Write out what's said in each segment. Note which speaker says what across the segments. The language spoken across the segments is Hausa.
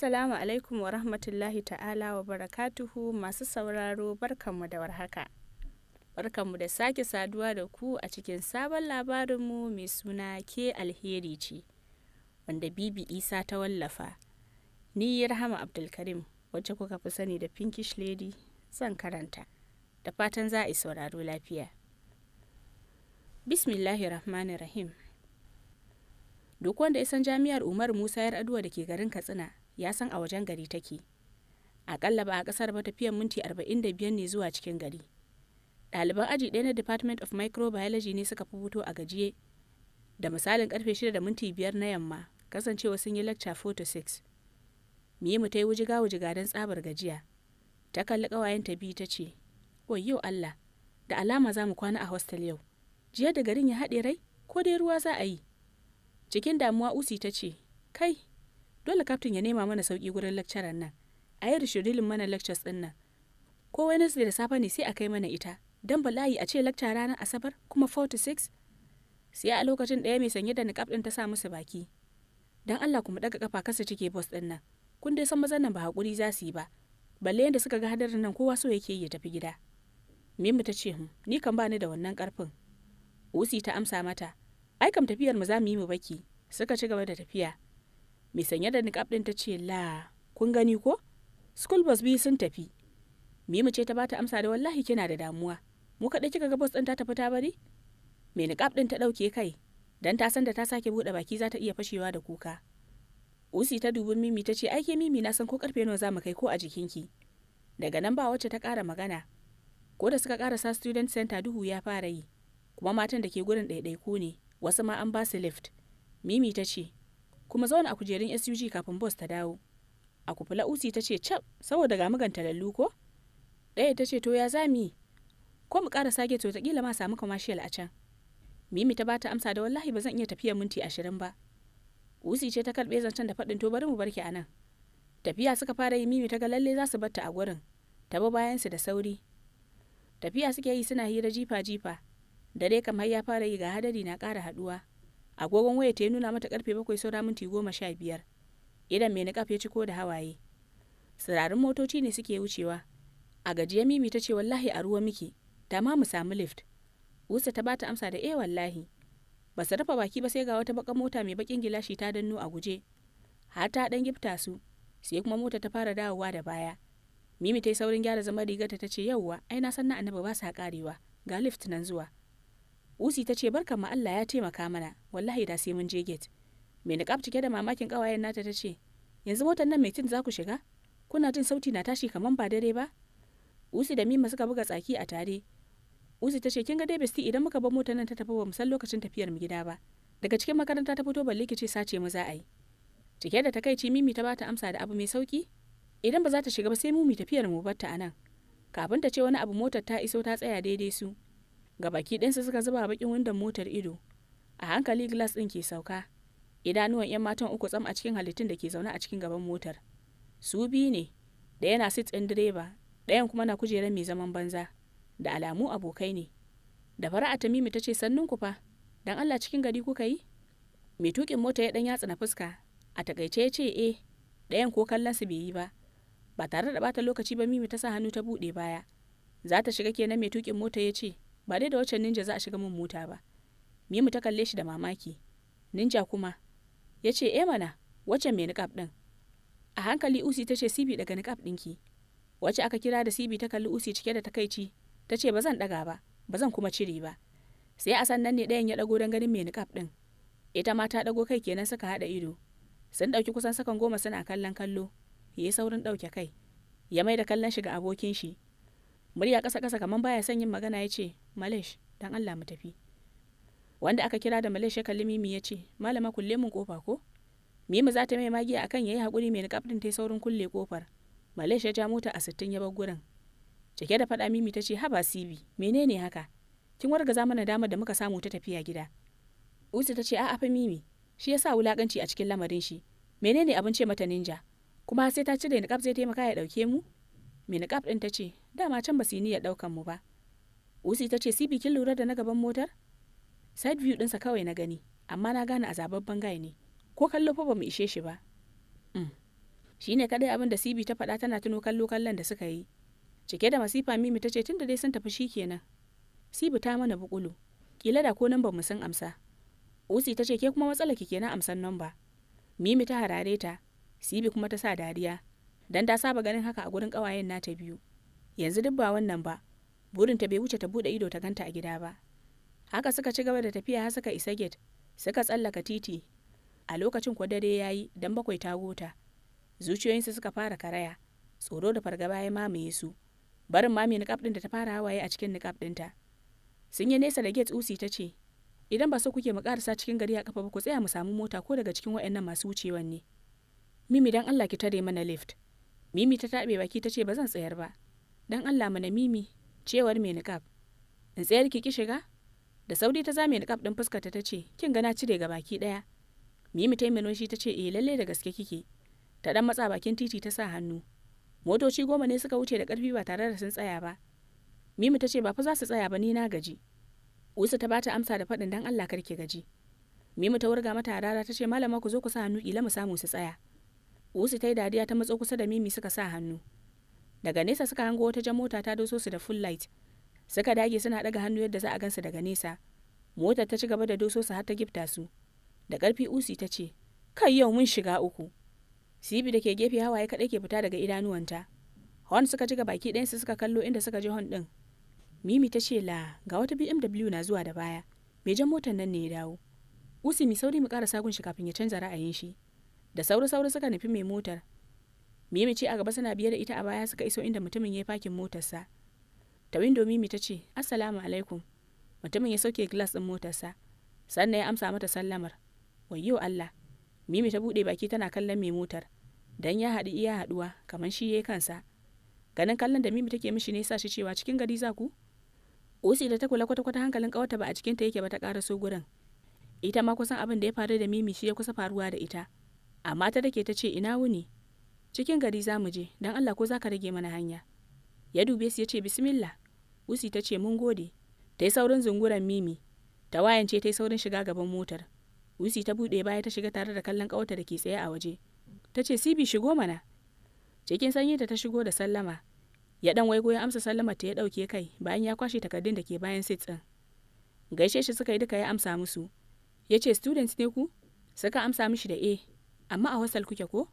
Speaker 1: Assalamu alaikum wa rahmatullahi ta'ala wa barakatuhu masu sauraro barkanmu da warhaka. Barkanmu da sake saduwa da ku a cikin sabon labarinmu mai suna ke alheri ce, wanda Bibi Isa ta wallafa. Ni Rahama Abdulkarim, wacce kuka fi sani da Pinkish Lady, zan karanta. Da fatan za a yi sauraro lafiya. Bismillahirrahmanirrahim. Duk wanda ya san jami'ar Umar Musa 'yar aduwa da ke garin Katsina ya san a wajen gari take akalla ba a ƙasar ba tafiyan minti 45 ne zuwa cikin gari ɗaliban aji ɗaya na department of microbiology ne suka fito a gajiye da misalin karfe 6 da minti 5 na yamma kasancewa sun yi lecture 4 to 6 miyi mu ta yi wujiga wujiga don tsabar gajiya ta kalli ƙawayen ta biyu ta ce wayyo allah da alama za mu kwana a hostel yau jiya da garin ya haɗe rai ko dai ruwa za a yi cikin damuwa usi ta ce kai dole kaftin ya nema mana sauki gurin lecturer nan a yi rishirilin mana lectures din nan ko wednesday da safe ne sai a kai mana ita dan bala'i a ce lecture ranar asabar kuma 4:6 sai a lokacin ɗaya mai sanye da niqab din ta sa musu baki dan Allah kuma daga kafa kasa cike boss din nan kun dai san mazan nan ba hakuri za su yi ba balle yanda suka ga hadarin nan kowa so yake ya tafi gida mu ta ce hmm, ni kan bani da wannan karfin Usi ta amsa mata ai kam tafiyar mu za mu yi mu baki suka ci gaba da tafiya mai sanye da nikab din ta ce la kun gani ko school bus biyu sun tafi mimu ce ta bata amsa da wallahi kina da damuwa mu kaɗai kika ga bus din ta tafi ta bari mai nikab din ta ɗauke kai dan ta san da ta sake buɗe baki za ta iya fashewa da kuka usi ta dubi mimi ta ce aike mimi na san ko karfe nawa za mu kai ko a jikinki daga nan ba wacce ta kara magana ko da suka sa student center duhu ya fara yi kuma matan da ke gurin ɗaiɗaiku ne wasu ma an ba su lift mimi ta ce kuma zauna a kujerun SUG kafin bus ta dawo. A kufula usi ta ce cap saboda ga mugan talallu, ko? Ɗaya ta ce to ya zami ko mu ƙara sake to ta kila ma samu commercial a can. Mimi ta bata amsa da wallahi ba zan iya tafiya minti ashirin ba. Usi ce ta karɓe zancen da faɗin to bari mu barki a nan. Tafiya suka fara yi Mimi ta ga lalle za su batta a gurin. Ta bi bayansu da sauri. Tafiya suke yi suna hira jifa-jifa. Dare kam har ya fara yi ga hadari na ƙara haɗuwa. agogon waya ta ya nuna mata karfe bakwai saura minti goma sha biyar idan mai niƙaf ya ciko da hawaye sirarin motoci ne suke wucewa a gajiya mimi ta ce wallahi a ruwa miki ta ma mu samu lift usa ta bata amsa da eh wallahi ba su rufe baki ba sai ga wata baka mota mai bakin gilashi ta danno a guje har ta dan gifta su sai kuma mota ta fara dawowa da baya mimi ta yi saurin gyara zama rigarta ta ce yauwa ai na san na annabi ba sa karewa ga lift nan zuwa usi ta ce barkan ma allah ya taimaka mana wallahi da sai mun je gate mai niƙab cike da mamakin kawayen nata ta ce yanzu motar nan mai tin za ku shiga kuna jin sauti na tashi kaman ba dare ba usi da mima suka buga tsaki a tare usi ta ce kin ga dai besti idan muka bar motar nan ta tafi ba mu san lokacin tafiyar mu gida ba daga cikin makaranta ta fito balle ce sace mu za a yi cike da takaici mimi ta bata amsa da abu mai sauki idan ba za ta shiga ba sai mu mu tafiyar mu batta anan kafin ta ce wani abu motar ta iso ta tsaya daidai su ga baki suka zuba bakin windon motar ido a hankali glass ɗin ke sauka idanuwan 'yan matan uku tsam a cikin halittun da ke zaune a cikin gaban motar su biyu ne da yana sit ɗin direba ɗayan kuma na kujerar mai zaman banza da alamu abokai ne da fara'a tamimi ta ce sannun ku fa dan allah cikin gari kuka yi mai tukin mota ya ɗan yatsa na fuska a takaice ya ce e ɗayan ko kallon su bai yi ba ba tare da bata lokaci ba mimi ta sa hannu ta buɗe baya za ta shiga kenan mai tukin mota ya ce ba dai da wacce ninja za a shiga min mota ba mimu ta kalle shi da mamaki ninja kuma ya ce e mana wacce mai niƙaf ɗin a hankali usi ta ce sibi daga niƙaf ɗinki wacce aka kira da sibi ta kalli usi cike da takaici ta ce ba zan ɗaga ba ba zan kuma cire ba sai a sannan ne ɗayan ya ɗago don ganin mai niƙaf ɗin ita ma ta ɗago kai kenan suka haɗa ido sun ɗauki kusan sakan goma suna kallon kallo ya yi saurin ɗauke kai ya mai da kallon shi ga abokin shi murya ƙasa ƙasa kamar baya son yin magana ya ce malish dan allah mu tafi wanda aka kira da malish ya kalli mimi ya ce malama kulle mun kofa ko mimi za ta mai magiya akan yi hakuri mai niƙaf ta saurin kulle kofar malish ya ja mota a sittin ya bar gurin cike da faɗa mimi ta ce haba sibi menene haka kin wargaza mana damar da muka samu ta tafiya gida usu ta ce a'a fa mimi shi ya sa wulaƙanci a cikin lamarin shi menene abin ce mata ninja kuma sai ta cire niƙaf zai taimaka ya ɗauke mu mai niƙaf ɗin ta ce dama can ba su yi niyyar ɗaukan mu ba usi ta ce sibi kin lura da na gaban motar side view ɗinsa kawai na gani amma na gane a zababban gai ne ko kallo fa ba mu ishe shi ba mm. shi ne kaɗai abin da sibi ta faɗa tana tuno kallo kallon da suka yi cike da masifa mimi ta ce da dai sun tafi shi kenan sibi ta mana bukulu kila da ko nan ba mu san amsa usi ta ce ke kuma matsalar ki kenan amsan nan ba mimi ta harare ta sibi kuma ta sa dariya dan ta saba ganin haka a gurin ƙawayen nata biyu yanzu duk ba wannan ba burin ta bai wuce ta bude ido ta ganta a gida ba haka suka ci gaba da tafiya har suka isa gate suka tsallaka titi a lokacin ko dare ya dan bakwai ta gota zuciyoyinsu suka fara karaya tsoro da fargaba ya mamaye su barin mami niƙaf ɗin da ta fara hawaye a cikin niƙaf ɗinta sun yi nesa da gate usi ta ce idan ba so kuke mu karasa cikin gari a kafa ba ku tsaya mu samu mota ko daga cikin waɗannan masu wucewan ne mimi dan Allah ki tare mana lift Mimi ta taɓe baki ta ce ba zan tsayar ba. Dan Allah mana Mimi, cewar mai niƙab. In tsayar ki ki shiga? Da sauri ta zame niƙab ɗin fuskarta ta ce, kin gana cire ga baki ɗaya. Mimi ta yi minoshi ta ce, eh lalle da gaske kike. Ta ɗan matsa bakin titi ta sa hannu. Motoci goma ne suka wuce da ƙarfi ba tare da sun tsaya ba. Mimi ta ce ba fa za su tsaya ba ni na gaji. Usa ta bata amsa da faɗin dan Allah kar ki gaji. Mimi ta wurga mata rara ta ce malama ku zo ku sa hannu kila mu samu su tsaya. usi ta yi dariya ta matso kusa da Mimi suka sa hannu. Daga nesa suka hango wata jan mota ta doso su da full light. Suka dage suna daga hannu yadda za a gansu daga nesa. Motar ta ci gaba da doso su har ta gifta su. Da ƙarfi Usi ta ce, Kai yau mun shiga uku. Sibi da ke gefe hawaye kaɗai ke fita daga idanuwanta. Hon suka ji baki su suka kallo inda suka ji hon ɗin. Mimi ta ce la ga wata BMW na zuwa da baya. me jan motar nan ne ya dawo. Usi mai sauri mu ƙara sagun kafin ya canza ra'ayin shi. da sauri sauri suka nufi mai motar mimi ce a gaba suna biye da ita a baya suka iso inda mutumin ya fakin motarsa ta windo mimi ta ce assalamu alaikum mutumin ya sauke glass din motarsa sannan ya amsa mata sallamar wayyo Allah mimi ta bude baki tana kallon mai motar dan ya haɗu iya haɗuwa kamar shi yayi kansa ganin kallon da mimi take mishi ne sa shi cewa cikin gari za ku Usi da ta kula kwata-kwata hankalin kawata ba a cikinta yake ba ta ƙara so gurin. Ita ma kusan abin da ya faru da Mimi shi ya kusa faruwa da ita. amma ta dake ta ce ina wuni cikin gari za mu je don allah ko za ka rage mana hanya ya dube su ya ce bismillah usi ta ce mun gode ta yi saurin zunguran mimi ta wayance ta yi saurin shiga gaban motar usi ta buɗe baya ta shiga tare da kallon ƙawarta da ke tsaye a waje ta ce sibi shigo mana cikin sanyi da ta shigo da sallama ya dan waigo ya amsa sallama ta ya ɗauke kai bayan ya kwashe takardun da ke bayan sit ɗin gaishe shi suka yi duka ya amsa musu ya ce students ne ku suka amsa mishi da e amma a wasal kuke ko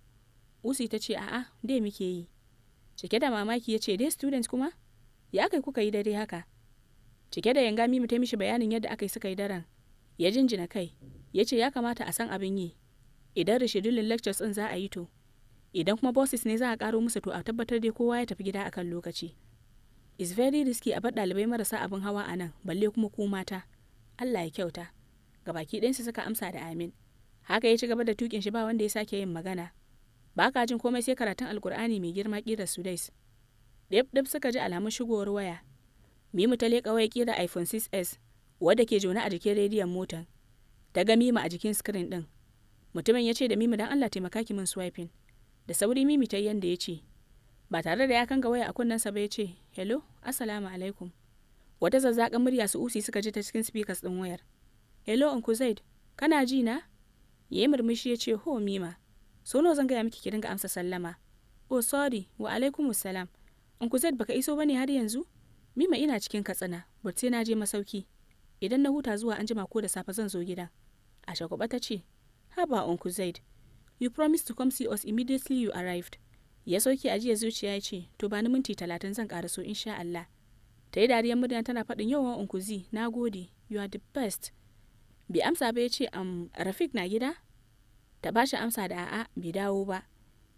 Speaker 1: usi ta ce a'a da muke yi cike da mamaki ya ce dai student kuma ya kai kuka yi dare haka cike da yanga mimi ta mishi bayanin yadda aka yi suka yi daren ya jinjina kai ya ce ya kamata a san abin yi idan rishidulin lectures din za a yi to idan kuma bosses ne za a karo musu to a tabbatar dai kowa ya tafi gida akan lokaci is very risky a bar ɗalibai marasa abin hawa a nan balle kuma ko mata allah ya kyauta gabaki ɗayansu suka amsa da amin haka ya ci gaba da tukin shi ba wanda ya sake yin magana ba ka jin komai sai karatun alkur'ani mai girma kira sudais ɗib ɗib suka ji alamun shigowar waya mimu ta leƙa waya kira iphone 6s wadda ke jona a jikin rediyon motan ta ga mimu a jikin screen ɗin mutumin ya ce da mimu dan allah taimaka ki min swiping da sauri mimi ta yi yanda ya ce ba tare da ya kanga waya a sa ba ya ce hello assalamu alaikum wata zazzakan murya su usi suka ji ta cikin speakers ɗin wayar hello uncle zaid kana ji na ya yi murmushi ya ce ho mima so nawa zan gaya miki ki dinga amsa sallama oh sorry wa alaikumu salam uncle ba baka iso bane har yanzu mima ina cikin katsina but sai na je masauki idan na huta zuwa anjima ko da safe zan zo gida a shagwaba ta ce haba uncle zaid you promised to come see us immediately you arrived ya sauke jiya zuciya ya ce to bani minti talatin zan ƙara so insha Allah ta yi dariyar murna tana faɗin yawan unkuzi na gode you are the best bai amsa ba ya ce am rafik na gida ta ba shi amsa da a'a bai dawo ba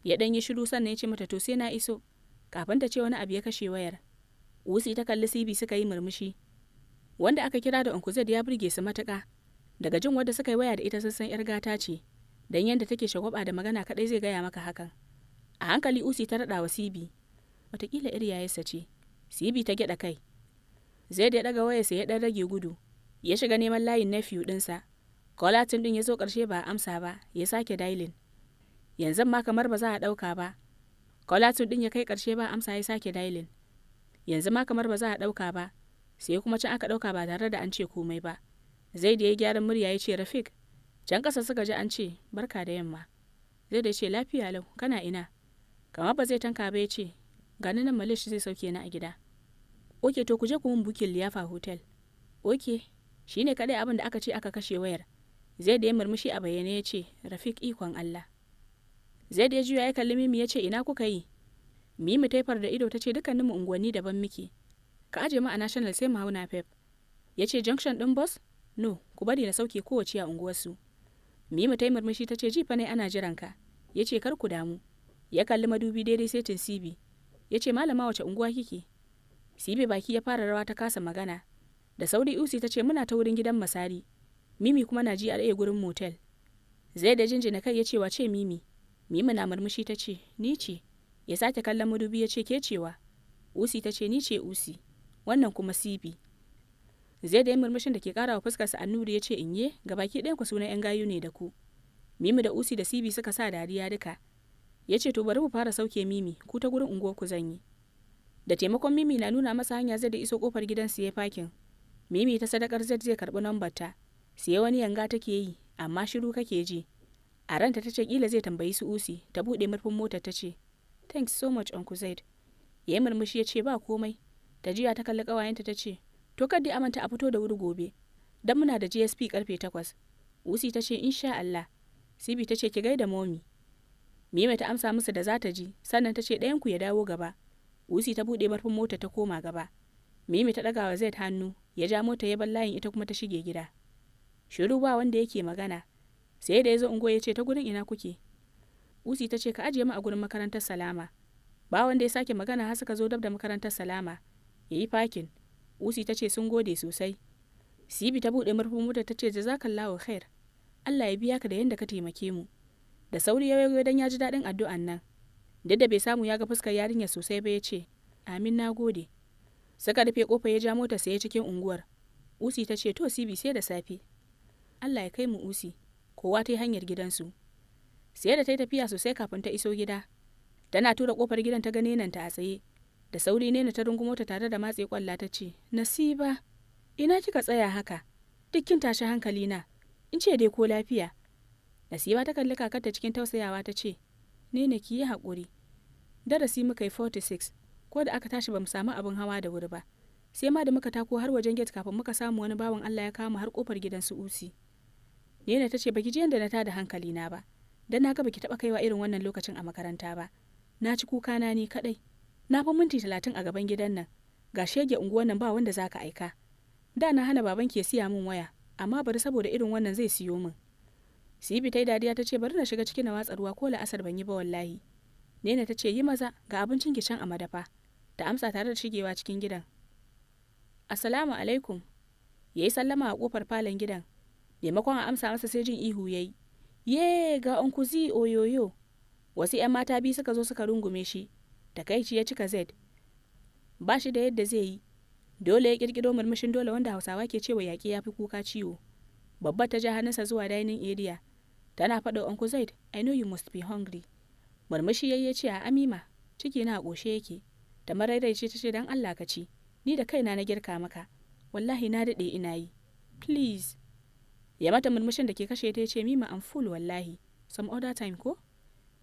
Speaker 1: ya dan yi shiru sannan ya ce mata to sai na iso kafin ta ce wani abu ya kashe wayar usi ta kalli sibi suka yi murmushi wanda aka kira da uncle ya burge su matuka daga jin wadda suka yi waya da ita sassan yar gata ce dan yadda take shagwaba da magana kadai zai gaya maka hakan a hankali usi ta raɗa wa sibi watakila iri yayarsa ce sibi ta gyaɗa kai zai da ya ɗaga wayarsa ya ɗan rage gudu ya shiga neman layin nephew ɗinsa kolatin ɗin ya zo ƙarshe ba amsa ba ya sake dailin yanzu ma kamar ba za a ɗauka ba kolatin ɗin ya kai ƙarshe ba amsa ya sake dailin yanzu ma kamar ba za a ɗauka ba sai kuma can aka ɗauka ba tare da an ce komai ba zai da ya gyaran murya ya ce rafik can ƙasa suka ji an ce barka da yamma zai da ya ce lafiya lau kana ina kamar ba zai tanka ba ya ce gani nan malish zai sauke na a gida oke to ku je ku mun bukin liyafa hotel oke shi ne kaɗai abin da aka ce aka kashe wayar da ya murmushi a bayyane ya ce rafik ikon allah da ya juya ya kalli mimi ya ce ina kuka yi mimi taifar da ido ta ce dukkanin mu unguwanni daban muke ka aje mu a national sai mu hauna pep ya ce junction ɗin bus no ku bari na sauke kowace a unguwarsu mimi ta yi murmushi ta ce ji fa ne ana jiran ka ya ce kar ku damu ya kalli madubi daidai setin cb ya ce malama wace unguwa kike cb baki ya fara rawa ta kasa magana da sauri usi ta ce muna ta wurin gidan masari mimi kuma na ji a ɗaya gurin motel zai da jinjina kai ya ce mimi mimi na murmushi ta ce ni ce ya sake kallon madubi ya ce ke cewa usi ta ce ni ce usi wannan kuma sibi zai da murmushin da ke kara wa fuskarsa annuri ya ce inye baki ɗaya ku suna yan gayu ne da ku mimi da usi da sibi suka sa dariya duka ya ce to bari mu fara sauke mimi ku ta gurin unguwar ku zan yi da taimakon mimi na nuna masa hanya zai da iso kofar gidan su ya fakin mimi ta sadakar z zai karbi lambarta sai wani yanga take yi amma shiru kake ji a ranta ta ce kila zai tambayi su usi ta bude murfin motar ta ce thanks so much uncle zaid ya yi murmushi ya ce ba komai ta jiya ta kalli kawayenta ta ce to kaddi amanta a fito da wuri gobe dan muna da gsp karfe takwas usi ta ce insha allah sibi ta ce ki gaida momi mimi ta amsa musu da za ta ji sannan ta ce ɗayanku ya dawo gaba usi ta buɗe murfin mota ta koma gaba mimi ta ɗaga wa zai hannu ya ja mota ya bar layin ita kuma ta shige gida shiru ba wanda yake magana sai da ya zo ungo ya ce ta gurin ina kuke usi ta ce ka ajiye mu a gurin makarantar salama ba wanda ya sake magana har suka zo dab da makarantar salama ya yi fakin usi ta ce sun gode sosai sibi ta bude murfin mota ta ce jazakallahu khair allah ya biya ka da yadda ka taimake mu da sauri ya wayo dan ya ji daɗin addu'an nan duk da bai samu ya ga fuskar yarinya sosai ba ya ce amin na gode suka rufe kofa ya ja mota sai cikin unguwar usi ta ce to sibi sai da safe allah ya kai mu usi kowa ta yi hanyar gidansu sai da ta yi tafiya sosai kafin ta iso gida tana tura kofar gidan ta gane nan ta a tsaye da sauri ne na ta rungu mota tare da matse kwalla ta ce nasiba ina kika tsaya haka dukkin tashi hankali na in ce dai ko lafiya nasiba ta kalli kakar ta cikin tausayawa ta ce ne ne ki yi haƙuri darasi muka yi 46 ko da aka tashi bamu samu abin hawa da wuri ba sai ma da muka tako har wajen gate kafin muka samu wani bawan Allah ya kama har kofar gidan su usi Nena ta ce baki ji yanda na tada hankali na ba dan naga ga baki taba kaiwa irin wannan lokacin a makaranta ba na ci kuka na ni kadai na fa minti talatin a gaban gidan nan ga shege unguwan nan ba wanda zaka aika da na hana baban ke siya min waya amma bari saboda irin wannan zai siyo min Sibi ta dadiya ta ce bari na shiga cikin na watsa ruwa ko la'asar ban yi ba wallahi Nena ta ce yi maza ga abincin ki can a madafa ta amsa tare da shigewa cikin gidan assalamu alaikum ya yi sallama a ƙofar falon gidan maimakon a amsa masa sai jin ihu ya yi ye ga onkuzi oyoyo wasu 'yan mata biyu suka zo suka rungume shi takaici ya cika z ba shi da yadda zai yi dole ya ƙirƙiro murmushin dole wanda hausawa ke cewa yaƙi ya fi kuka ciwo babba ta ja hannunsa zuwa dining area tana faɗa onku zaid i know you must be hungry murmushi ya ce a amima ciki na a ƙoshe yake da maraidaici ta ce don Allah ka ci ni da kaina na girka maka wallahi na daɗe ina yi please ya mata murmushin da ke kashe ta ce mima am full wallahi some other time ko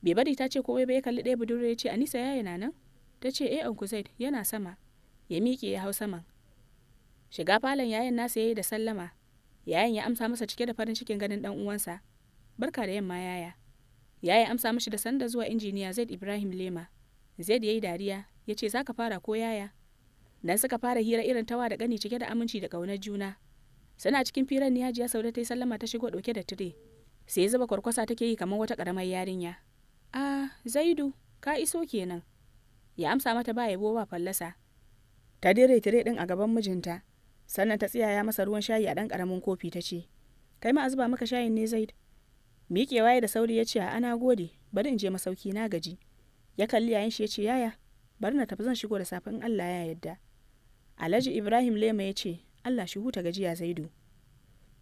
Speaker 1: bai bari ta ce komai ba ya kalli ɗaya budurwa ya ce anisa yayi na nan ta ce eh uncle zaid yana sama ya miƙe ya hau saman shiga falon yayin nasa yayi da sallama yayin ya amsa masa cike da farin cikin ganin dan uwansa barka da yamma yaya yaya amsa mishi da sanda zuwa injiniya zaid ibrahim lema zaid yayi dariya ya ce za ka fara ko yaya na suka fara hira irin tawa da gani cike da aminci da ƙaunar juna suna cikin firan ne hajiya saura ta yi sallama ta shigo ɗauke da tire sai ya zuba kwarkwasa take yi kamar wata ƙaramar yarinya a zaidu ka iso kenan ya amsa mata ba yabo ba fallasa ta dire tire ɗin a gaban mijinta sannan ta tsiyaya masa ruwan shayi a ɗan ƙaramin kofi ta ce kai ma a zuba maka shayin ne zaid miƙewa waye da sauri ya ce a ana gode bari in je masauki na gaji ya kalli yayin shi ya ce yaya bari na tafi zan shigo da safe in Allah ya yarda Alhaji Ibrahim Lema ya ce Allah shi huta gajiya Zaidu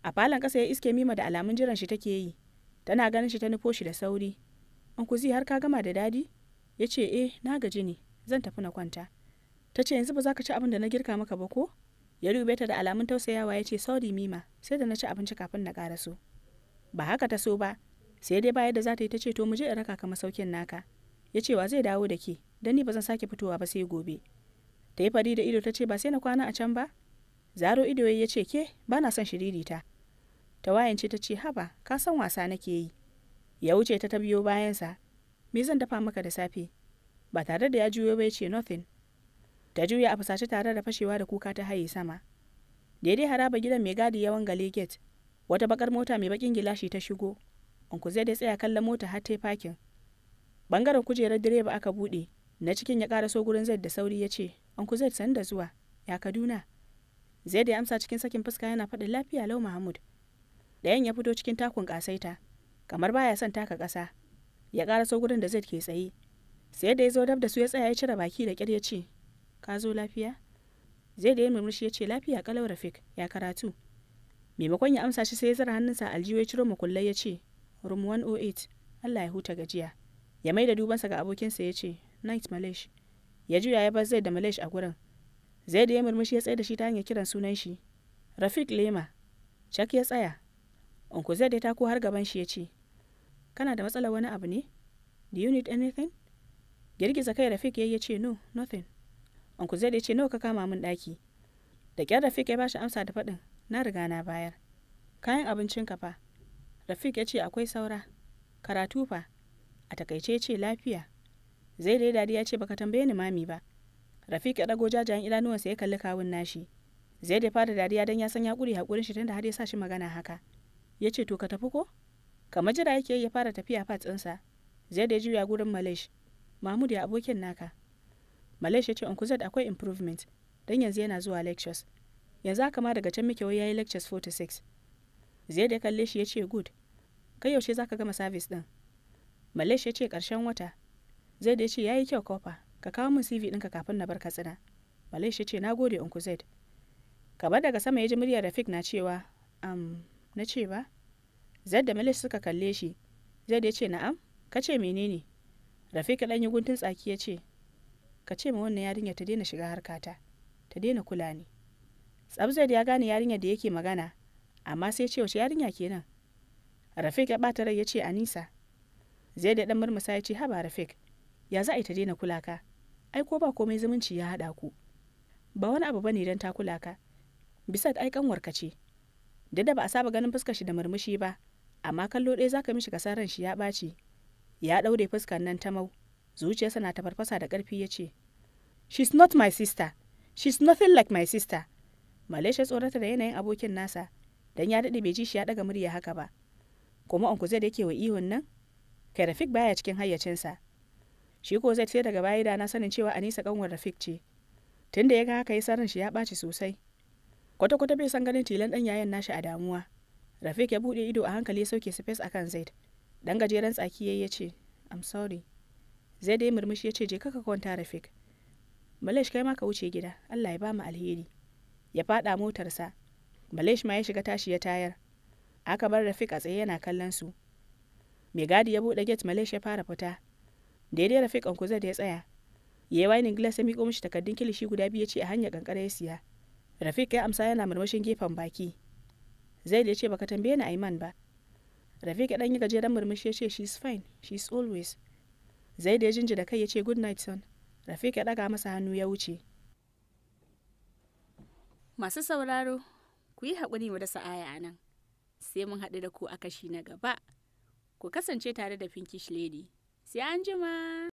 Speaker 1: a falon ƙasa ya iske mima da alamun jiran shi take yi tana ganin shi ta nufo shi da sauri an kuzi har ka gama da dadi ya ce eh na gaji ne zan tafi na kwanta ta ce yanzu ba za ka ci abin da na girka maka ba ko ya rube ta da alamun tausayawa ya ce sauri mima sai da na ci abinci kafin na ƙara so ba haka ta so ba sai dai bayan da za ta yi ta ce to mu je in raka ka masaukin naka ya ce wa zai dawo da ke don ni ba zan sake fitowa ba sai gobe ta yi fari da ido ta ce ba sai na kwana a can ba zaro ido ya ce ke ba na son shiririta ta wayance ta ce haba ka san wasa nake yi ya wuce ta ta biyo bayansa me zan dafa maka da safe ba tare da ya juyo ba ya ce nothing ta juya a fusace tare da fashewa da kuka ta haye sama daidai haraba gidan mai gadi yawan gale gate wata bakar mota mai bakin gilashi ta shigo unku zai dai tsaya kallon mota har ta fakin bangaren kujerar direba aka bude na cikin ya karaso gurin zai da sauri ya ce anku zaid sanda zuwa ya kaduna zaid ya amsa cikin sakin fuska yana faɗin lafiya lau mahmud ɗayan ya fito cikin takun ƙasaita kamar baya son taka ƙasa ya ƙara gurin da zai ke tsaye sai da ya zo dab da su ya tsaya ya cire baki da ƙyar ya ce ka zo lafiya zai da ya murmushi ya ce lafiya kalau rafik ya karatu maimakon ya amsa shi sai ya zara hannunsa aljiyo ya ciro makullai ya ce room 108 allah ya huta gajiya ya mai da dubansa ga abokinsa ya ce Knight malesh ya juya ya bar zai da malesh a gurin Zaid ya murmushi ya tsaye da shi ta hanyar kiran sunan shi rafik lema Chuck ya tsaya unku zai ya ta ko har gaban shi ya ce kana da matsalar wani abu ne do you need anything girgiza kai rafik ya ce no nothing unku zai ya ce nawa ka kama min daki da kyar rafik ya bashi amsa da faɗin na riga na bayar kayan abincin ka fa rafik ya ce akwai saura karatu fa a takaice ce lafiya zai da ya ce baka tambaye ni mami ba rafiq ya dago jajayen idanuwansa ya kalli kawun nashi zai da fara dariya dan ya san ya kure hakurin shi tunda har ya sa shi magana haka ya ce to ka tafi ko kamar jira yake ya fara tafiya fat sa zai da juya gurin malish mahmud ya abokin naka malish ya ce ku zai akwai improvement dan yanzu yana zuwa lectures yanzu aka ma daga can muke yayi lectures 46 zai da kalle shi ya ce good kai yaushe zaka gama service din malish ya ce karshen wata Zaid ya ce ya yi kyau kofa, ka kawo min CV ɗinka kafin na bar Katsina. Malaysia ya ce na gode Uncle Zaid. kamar daga sama ya ji muryar Rafik na cewa, am, na ce ba? Zaid da Malaysia suka kalle shi. Zaid ya ce na'am, ka ce menene? Rafik ɗan yi guntun tsaki ya ce, ka ce ma wannan yarinya ta daina shiga harkata, ta daina kula ni. Zaid ya gane yarinyar da yake magana, amma sai ce wace yarinya kenan. Rafik ya ɓata rai ya ce Anisa. Zaid ya ɗan murmusa ya ce haba Rafik, ya za a yi ta daina kula ka ai ko ba komai zumunci ya haɗa ku ba wani abu bane don ta kula ka bisat ai kanwarka ce da da ba a saba ganin fuskar shi da murmushi ba amma kallo ɗaya zaka mishi kasan ran shi ya ɓaci ya ɗaure fuskar nan ta mau zuciyarsa na ta farfasa da ƙarfi ya ce she's not my sister she's nothing like my sister malaysia tsorata da yanayin abokin nasa dan ya daɗe bai ji shi ya ɗaga murya haka ba kuma uncle zai da yake wa ihun nan kai rafik baya cikin hayyacinsa shi ko zai daga baya da na sanin cewa anisa kanwar rafik ce tunda ya ga haka ya sarin shi ya ɓaci sosai kwata-kwata bai san ganin tilan ɗan yayan nashi a damuwa rafik ya buɗe ido a hankali ya sauke space akan zaid dan gajeren tsaki yayi ya ce i'm sorry zaid ya murmushi ya ce je kaka kwanta rafik malesh kai ma ka wuce gida allah ya bamu alheri ya faɗa motarsa malesh ma ya shiga tashi ya tayar aka bar rafik a tsaye yana kallon su mai gadi ya buɗe gate malesh ya fara fita daidai rafiq ku zai da ya tsaya ya yi wani gilas ya miƙo mishi takardun kilishi guda biyu ya ce a hanyar kankara ya siya rafiq ya amsa yana murmushin gefen baki da ya ce baka tambaye ni aiman ba rafiq ya dan yi gajeren murmushi ya ce she is fine she is always da ya jinji da kai ya ce good night son rafiq ya daga masa hannu ya wuce masu sauraro ku yi haƙuri mu da sa'aya a nan sai mun haɗu da ku a kashi na gaba ku kasance tare da pinkish lady 喜欢吗？